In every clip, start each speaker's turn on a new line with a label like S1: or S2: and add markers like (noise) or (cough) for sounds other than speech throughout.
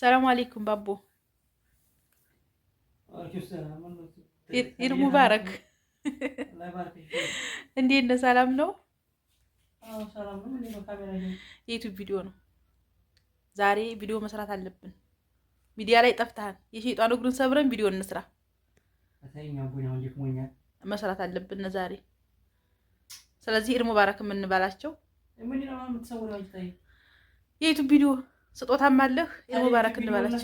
S1: ሰላም አሌይኩም ባቦ ኢድ ሙባረክ። እንዴት ነህ? ሰላም ነው። የዩቱብ ቪዲዮ ነው ዛሬ። ቪዲዮ መስራት አለብን። ሚዲያ ላይ ጠፍተሃል። የሸይጣን እግሩን ሰብረን ቪዲዮ እንስራ። መስራት አለብን ዛሬ። ስለዚህ ኢድ ሙባረክ የምንበላቸው የዩቱብ ቪዲዮ ስጦታም አለህ። የሙባረክ እንበላቸው።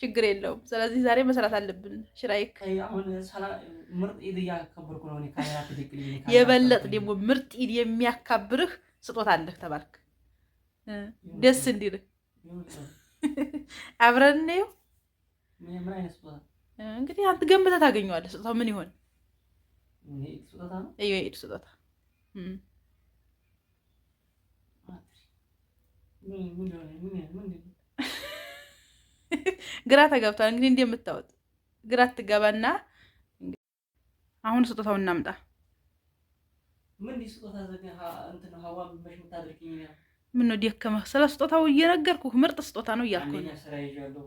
S1: ችግር የለውም። ስለዚህ ዛሬ መስራት አለብን። ሽራይክ የበለጥ ደግሞ ምርጥ ኢድ የሚያካብርህ ስጦታ አለህ ተባልክ። ደስ እንዲልህ አብረን እናየው እንግዲህ። አንተ ገምተህ ታገኘዋለህ። ስጦታው ምን ይሆን? ስጦታ Mm. (laughs) ግራ ተገብቷል። እንግዲህ የምታወጥ ግራ ትገባና አሁን ስጦታው እናምጣ። ምነው ደከመህ? ስለ ስጦታው እየነገርኩህ ምርጥ ስጦታ ነው እያልኩ ነው።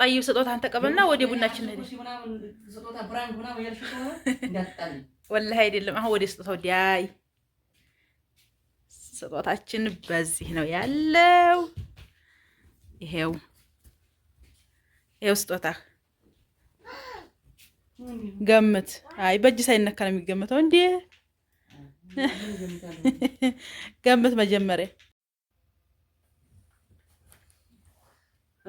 S1: ጣዩ ስጦታን ተቀበልና ወደ ቡናችን ሄደ። ወላሂ አይደለም። አሁን ወደ ስጦታው ዲያይ ስጦታችን በዚህ ነው ያለው። ይሄው ይሄው ስጦታ ገምት። አይ በእጅ ሳይነካ ነው የሚገምተው እንዴ?
S2: (laughs)
S1: ገምት መጀመሪያ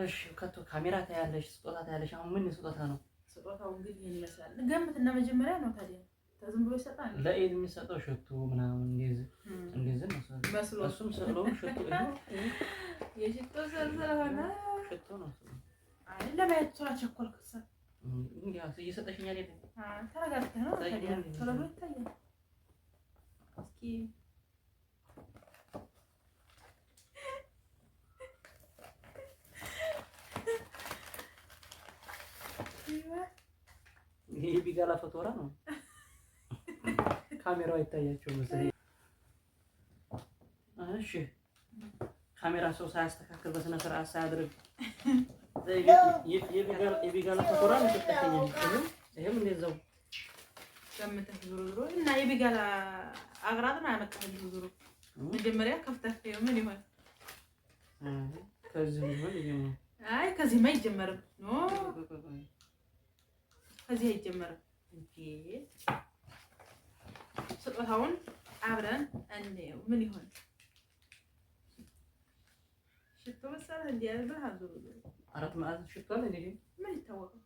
S2: እሺ ከቶ ካሜራ ታያለሽ፣ ስጦታ ታያለሽ። አሁን ምን ስጦታ ነው?
S1: ስጦታው ግን ይሄን ይመስላል። ገምት እና መጀመሪያ ነው ታዲያ ዝም ብሎ ይሰጣል።
S2: ለኤድ የሚሰጠው ሽቱ ምናምን እንደዚህ እንደዚህ ነው። እሱም ስለው ሽቱ
S1: የሽቶ ሆነ ሽቱ ነው። አይ ለማየት ስላቸኮልክ እየሰጠሽኛል። ተረጋግተህ ነው ታዲያ ቶሎ ብሎ ይታያል። እስኪ
S2: ይሄ ቢጋላ ፈቶራ ነው። ካሜራው አይታያቸው መሰለኝ። እሺ ካሜራ ሰው ሳያስተካክል በስነ ስርዓት ሳያደርግ የቢጋላ ፈቶራ ነው። ይሄም እንደዛው
S1: ገምተህ ዞሮ ዞሮ እና የቢጋላ አግራት ነው ያመጣህልህ። ዞሮ መጀመሪያ ከፍተህ ምን ይሆን
S2: ከዚህ ይሆን?
S1: አይ ከዚህማ አይጀመርም። ከዚህ አይጀመርም። ስጦታውን አብረን እንየው። ምን ይሆን ሽቶ መሰለህ? እንዲ ያለብህ
S2: አራት መዓዛ ሽቶ አለ።
S1: ምን ይታወቃል?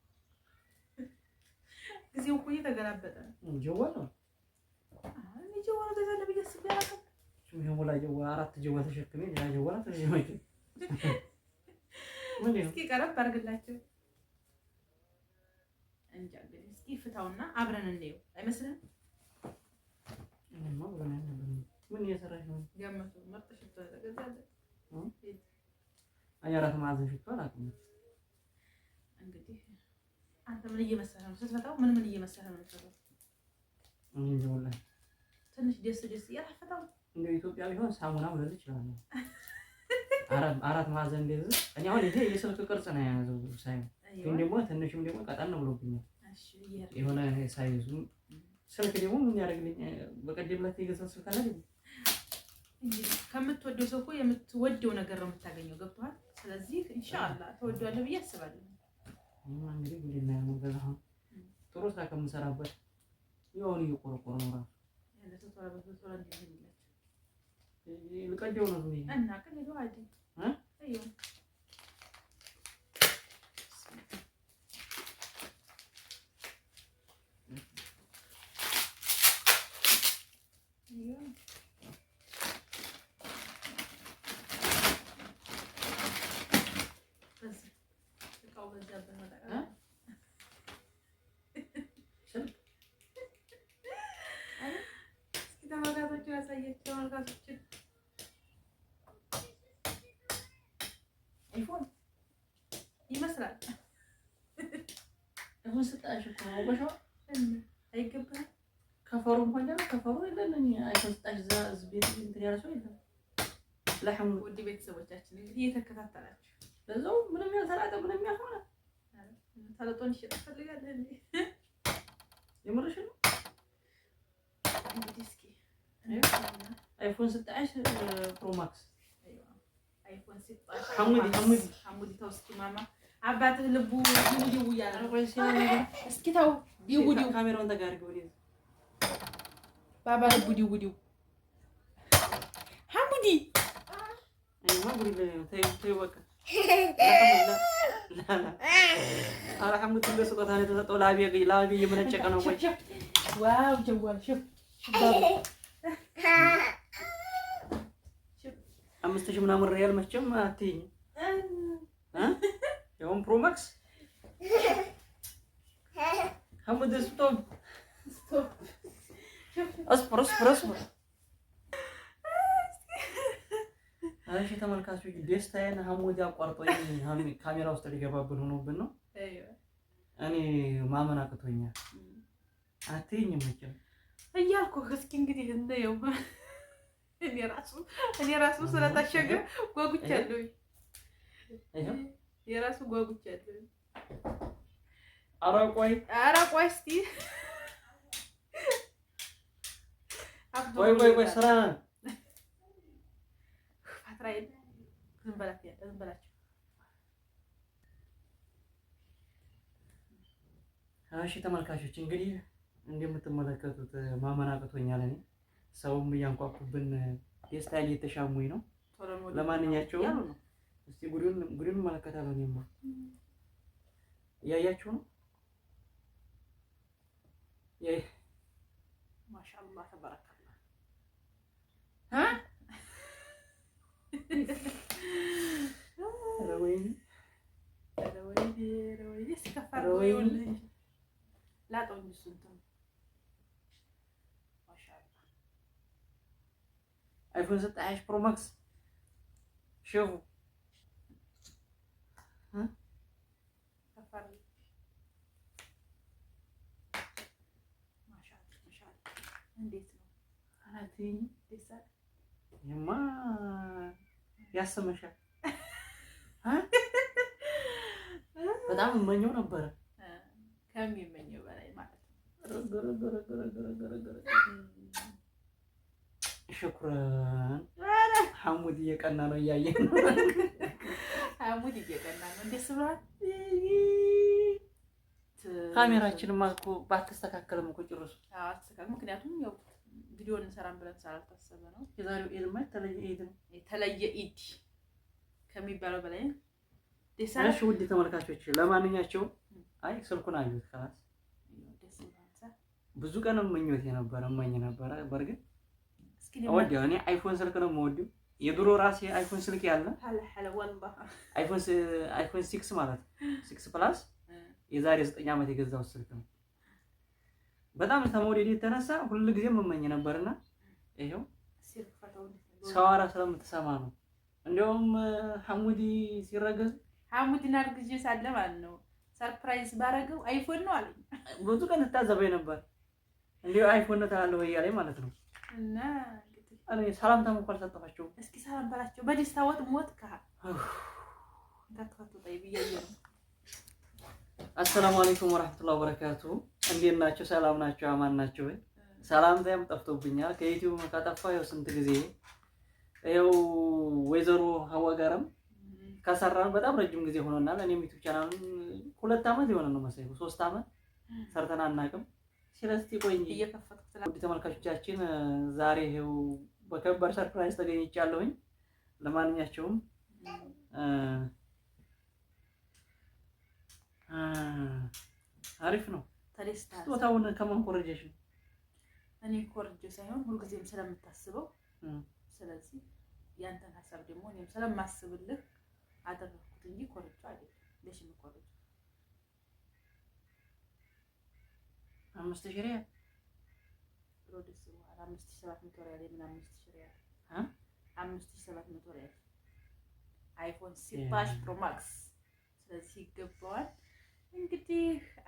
S1: ጊዜው እኮ እየተገላበጠ
S2: ነው። ጀዋል ነው አራት ጀዋል ተሸክሜ ሌላ ጀዋል
S1: እስኪ ቀረብ አድርግላቸው እንጃ እንግዲህ እስኪ ፍታውና አብረን እንየው። አይመስልም?
S2: ምን እየሰራሽ ነው?
S1: ገመቱ ምርጥ ሽቶ ተገዛለች።
S2: አራት ማዕዘን ሽቶ አላውቅም።
S1: እንግዲህ አንተ ምን እየመሰለህ ነው ስትፈታው? ምን ምን እየመሰለህ ነው የምትፈታው? ትንሽ ደስ ደስ እያልህ ፈታው።
S2: እንደ ኢትዮጵያ ቢሆን ሳሙና ብለህ ይችላል። (laughs) አራት ማዕዘን እንደዚህ እኔ አሁን ይሄ የስልክ ቅርጽ ነው የያዘው ሳይሆን ግን ደግሞ ትንሽም ደግሞ ቀጠን ብሎብኛል። የሆነ ሳይዙ ስልክ ደግሞ ምን ያደርግልኝ? በቀደም ዕለት የገዛሁት ስልክ አለ።
S1: ከምትወደው ሰው እኮ የምትወደው ነገር ነው የምታገኘው። ገብቶሃል? ስለዚህ ኢንሻላህ ተወዷለህ ብዬ አስባለሁ።
S2: እንግዲህ እንደናየው ገዛ ጥሩ ስራ ከምሰራበት የሆኑ እየቆረቆረ ነው ራሱ ቀደው ነው ተመጋቶቹ
S1: ያሳየችው አልጋቶችን አይፎን ይመስላል።
S2: አሁን ስጣሽ እኮ አይገባም። ከፈሩ እንኳን ከፈሩ
S1: ቤተሰቦቻችን እንግዲህ እየተከታተላችሁ
S2: በዛው ምንም ያልተላጠ ምንም ያልሆነ
S1: ተለጦ እንዲሸጥ ትፈልጋለህ እንዴ? የምርሽ ነው? እንግዲህ እስኪ
S2: አይፎን ስጣሽ ፕሮማክስ
S1: አይፎን ሲባል
S2: ሐሙዲ ሐሙዲ
S1: ሐሙዲ ተው እስኪ ማማ አባትህ ልቡ ይውዲ ይውያለ እስኪ ተው ይውዲ
S2: ካሜራውን ተጋርገው ሊዝ
S1: ባባ ልቡ ይውዲ ሐሙዲ
S2: አይማ ጉሪ ተይ ተይ በቃ አልሐምድ እንደ ስጦታ ነው የተሰጠው። ላቤ እየመነጨቀ ነው። ቆይ ዋው ጀዋል አምስት ሺህ ምናምን ሪያል መቼም አትይኝም። ይኸውም ፕሮማክስ ሐሙድ ስቶፕ ስቶፕ እሺ ተመልካቾች ደስታዬን ሀሞት አቋርጦኝ ካሜራ ውስጥ ሊገባብን ሆኖብን ነው። እኔ ማመን አቅቶኛል። አትይኝም መቼም
S1: እያልኩህ እስኪ እንግዲህ እንደው እኔ ራሱ እኔ ራሱ ስለታሸገ ጓጉቻለሁ። የራሱ ጓጉቻለሁ። ኧረ ቆይ ኧረ ቆይ እስኪ
S2: ቆይ ቆይ ቆይ ስራ
S1: ስራዬን ዝም በላችሁ።
S2: እሺ ተመልካቾች እንግዲህ እንደምትመለከቱት ማመን አቅቶኛል። እኔ ሰውም እያንኳኩብን ደስታ እየተሻሙኝ ነው። ለማንኛቸውም እስቲ ጉዱን ጉዱን እመለከታለሁ። እኔማ እያያችሁ ነው።
S1: ማሻአላህ ተባረከላህ Heroin. Heroin, heroin. Eski kafam
S2: heroin.
S1: Lat oynuyorsun tam. Maşallah.
S2: iPhone 17 Pro Max. Şovu. Hı?
S1: Kafam. Maşallah, maşallah. Endesin. Anlatayım. Desek.
S2: Yaman. ያስመሻል። በጣም እመኘው ነበረ
S1: ከሚመኘው በላይ ማለት
S2: ነው። ሽኩረን ሐሙድ እየቀና ነው እያየን ነው።
S1: ሐሙድ እየቀና ነው። እንዴት ስብሏል።
S2: ካሜራችንማ እኮ ባትስተካከልም እኮ ጭርሱ።
S1: ምክንያቱም ያው ቪዲዮ እንሰራን ብለን ስላልታሰበ ነው።
S2: የዛሬው ኢድ ማለት የተለየ ኢድ ነው።
S1: የተለየ ኢድ ከሚባለው በላይ ደሳሽ።
S2: ውድ ተመልካቾች ለማንኛቸው አይ ስልኩን አዩት ከላስ ብዙ ቀን ምኞት የነበረ እመኝ ነበረ። በእርግጥ ወዲ እኔ አይፎን ስልክ ነው የምወድም የድሮ ራሴ አይፎን ስልክ ያለ አይፎን ሲክስ ማለት ነው ሲክስ ፕላስ የዛሬ ዘጠኝ ዓመት የገዛው ስልክ ነው። በጣም ከመውደድ የተነሳ ሁሉ ጊዜ የምመኝ ነበርና ይሄው ሰዋራ ስለምትሰማ ነው። እንዲያውም ሐሙዲ ሲረገዝ
S1: ሐሙዲን አርግዤ ሳለ ማለት ነው ሰርፕራይዝ ባረገው አይፎን ነው አለኝ።
S2: ብዙ ቀን እታዘበኝ ነበር። እንዲሁ አይፎን ነው ታለው እያለኝ ማለት ነው እና እኔ ሰላምታ እንኳን አልሰጠኋቸውም።
S1: እስኪ ሰላም በላቸው በደስታ ወጥ ሞት ካ ከሀ
S2: አሰላሙ አለይኩም ወራህመቱላሂ ወበረካቱሁ እንዴት ናቸው? ሰላም ናቸው? አማን ናቸው ወይ? ሰላምታም ጠፍቶብኛል። ከዩቲዩብ ከጠፋ ያው ስንት ጊዜ ያው ወይዘሮ ሀዋ ጋርም ከሰራን በጣም ረጅም ጊዜ ሆኖናል። እኔም ዩቲዩብ ቻናሉን ሁለት አመት የሆነ ነው መሰለኝ ሶስት አመት ሰርተን አናውቅም። ስለዚህ ቆይ እንጂ እየከፈትኩት ተመልካቾቻችን ዛሬ ይኸው በከባድ ሰርፕራይዝ ተገኝቻለሁኝ። ለማንኛቸውም አሪፍ ነው። ተደስታ ቦታውን ስጦታውን ከመንኮረጀሽ ነው።
S1: እኔ ኮርጄ ሳይሆን ሁልጊዜም ስለምታስበው፣ ስለዚህ ያንተን ሀሳብ ደግሞ እኔም ስለማስብልህ አደረኩት እንጂ ኮርጄ አይደለም። ለሽ ኮርጄ
S2: አምስት ሺህ ሪያል
S1: አምስት ሺህ ሰባት መቶ ሪያል የምን አምስት ሺህ ሪያል አምስት ሺህ ሰባት መቶ ሪያል አይፎን ሲባል ፕሮማክስ ስለዚህ ይገባዋል። እንግዲህ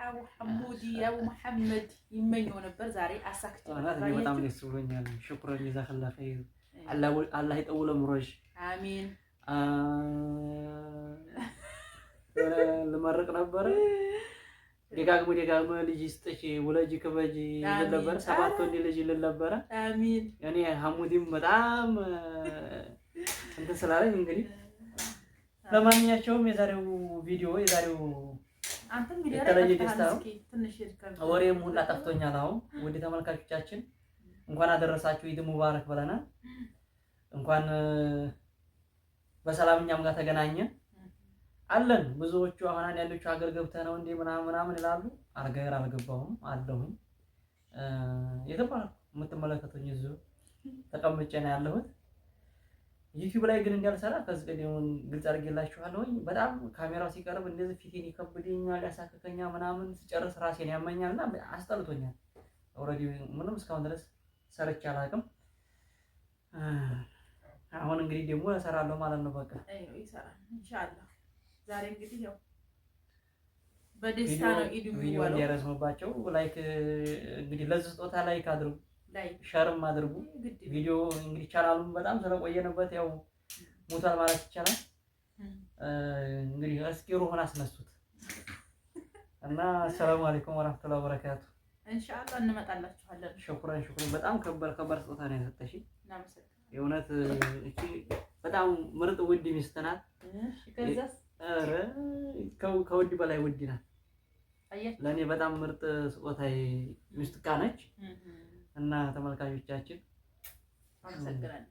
S1: አቡ ሐሙዲ አቡ መሐመድ ይመኘው ነበር። ዛሬ አሳክቶ
S2: በጣም ደስ ብሎኛል። ሽኩረን ጀዛከላ ኸይር። አላህ ይጠውለ ምሮሽ አሚን። ልመርቅ ነበረ (laughs) ደጋግሞ ደጋግሞ ልጅ ስጥሽ ውለጅ ክበጅ ይል ነበረ። ሰባት ወንድ ልጅ ይል ነበረ። አሚን። እኔ ሐሙዲም በጣም እንትን ስላለኝ እንግዲህ ለማንኛቸውም የዛሬው ቪዲዮ የዛሬው የተለየ ደስታ ነው። ወሬም ሁላ ጠፍቶኛል። አሁን ውድ ተመልካቾቻችን እንኳን አደረሳችሁ ኢድ ሙባረክ ብለናል። እንኳን በሰላም እኛም ጋር ተገናኘ አለን። ብዙዎቹ አሁን ያለችው ሀገር ገብተ ነው እንዴ ምናምን ምናምን ይላሉ። አገር አልገባሁም አለሁኝ። የተባለ የምትመለከቱኝ እዚሁ ተቀምጬ ነው ያለሁት። ዩቲዩብ ላይ ግን እንዳልሰራ ከዚህ ቀደም ግልጽ አድርጌላችኋለሁኝ። በጣም ካሜራው ሲቀርብ እንደዚህ ፊቴን ይከብድኛል፣ ያሳክከኛል፣ ምናምን ስጨርስ ራሴን ያመኛል እና አስጠልቶኛል። ኦልሬዲ ምንም እስካሁን ድረስ ሰርቼ አላውቅም። አሁን እንግዲህ ደግሞ እሰራለሁ ማለት ነው። በቃ
S1: ዛሬ እንግዲህ ያው በደስታ ነው
S2: ኢዱ ቪዲዮ ያረዝምባቸው ላይክ እንግዲህ ለዚህ ስጦታ ላይክ አድርጉ። ሸርም አድርጉ። ቪዲዮ እንግዲህ ቻናሉን በጣም ስለቆየንበት ያው ሙታል ማለት ይቻላል። እንግዲህ እስኪ ሩህን አስነሱት እና ሰላም አለይኩም ወራህመቱላሂ ወበረካቱ።
S1: ኢንሻአላህ እንመጣላችኋለን።
S2: ሽኩራን ሽኩራን። በጣም ከበር ከበር ስጦታ ነው የሰጠሽ። የእውነት እቺ በጣም ምርጥ ውድ ሚስት ናት። ከውድ በላይ ውድ ናት። ለእኔ በጣም ምርጥ ስጦታ ሚስትካ ነች። እና ተመልካቾቻችን
S1: አመሰግናለሁ።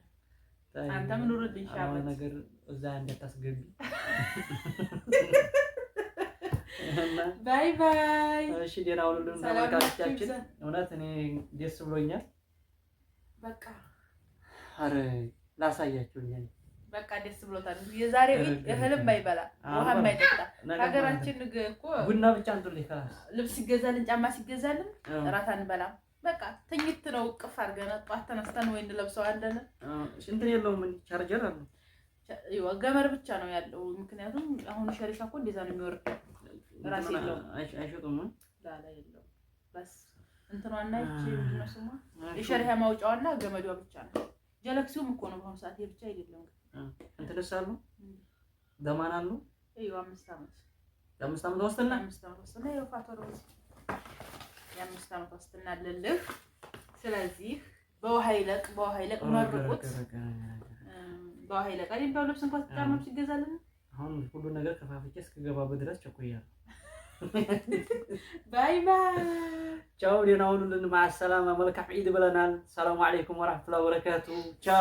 S1: አንተም ኑርልኝ
S2: ሻበት ነገር እዛ
S1: ባይ ባይ።
S2: እሺ ደህና ሁሉንም ተመልካቾቻችን፣ እውነት እኔ ደስ ብሎኛል። በቃ አረ ላሳያችሁ
S1: በቃ ደስ ብሎታል። የዛሬ ቤት እህልም አይበላ ውሃም አይጠጣ ሀገራችን እኮ ቡና ብቻ አንዱ ልብስ ይገዛልን፣ ጫማ ሲገዛልን እራት አንበላም። በቃ ትኝት ነው። እቅፍ አድርገን ጠዋት ተነስተን ወይ እንለብሰዋለን።
S2: እንትን የለውም ቻርጀር
S1: አለው ገመድ ብቻ ነው ያለው። ምክንያቱም አሁን ሸሪሻ እኮ እንደዛ ነው የሚወርድ ራስ የለውም አይሸጡም። ላላ የለውም በስ እንትኗና ስማ የሸሪያ ማውጫዋና ገመዷ ብቻ ነው። ጀለክሲውም እኮ ነው በአሁኑ ሰዓት የብቻ አይደለም።
S2: እንትልሳሉ ገማን አሉ አምስት ዓመት አምስት ዓመት ወስትና
S1: አምስት ዓመት ወስትና የፋቶሮ የአምስት ዓመት ዋስትና አለልህ። ስለዚህ በውሃ ይለቅ በውሃ ይለቅ መርቁት በውሃ ይለቅ የሚባለው ልብስ እንኳን ስትጫማ ልብስ
S2: አሁን ሁሉ ነገር ከፋፍቼ እስክገባበት ድረስ ቸኩያለሁ። (laughs)
S1: ባይ ባይ
S2: ቻው። ሌናውን ልንማሰላም መልካም ዒድ ብለናል። ሰላሙ አለይኩም ወራህመቱላሂ ወበረካቱ። ቻው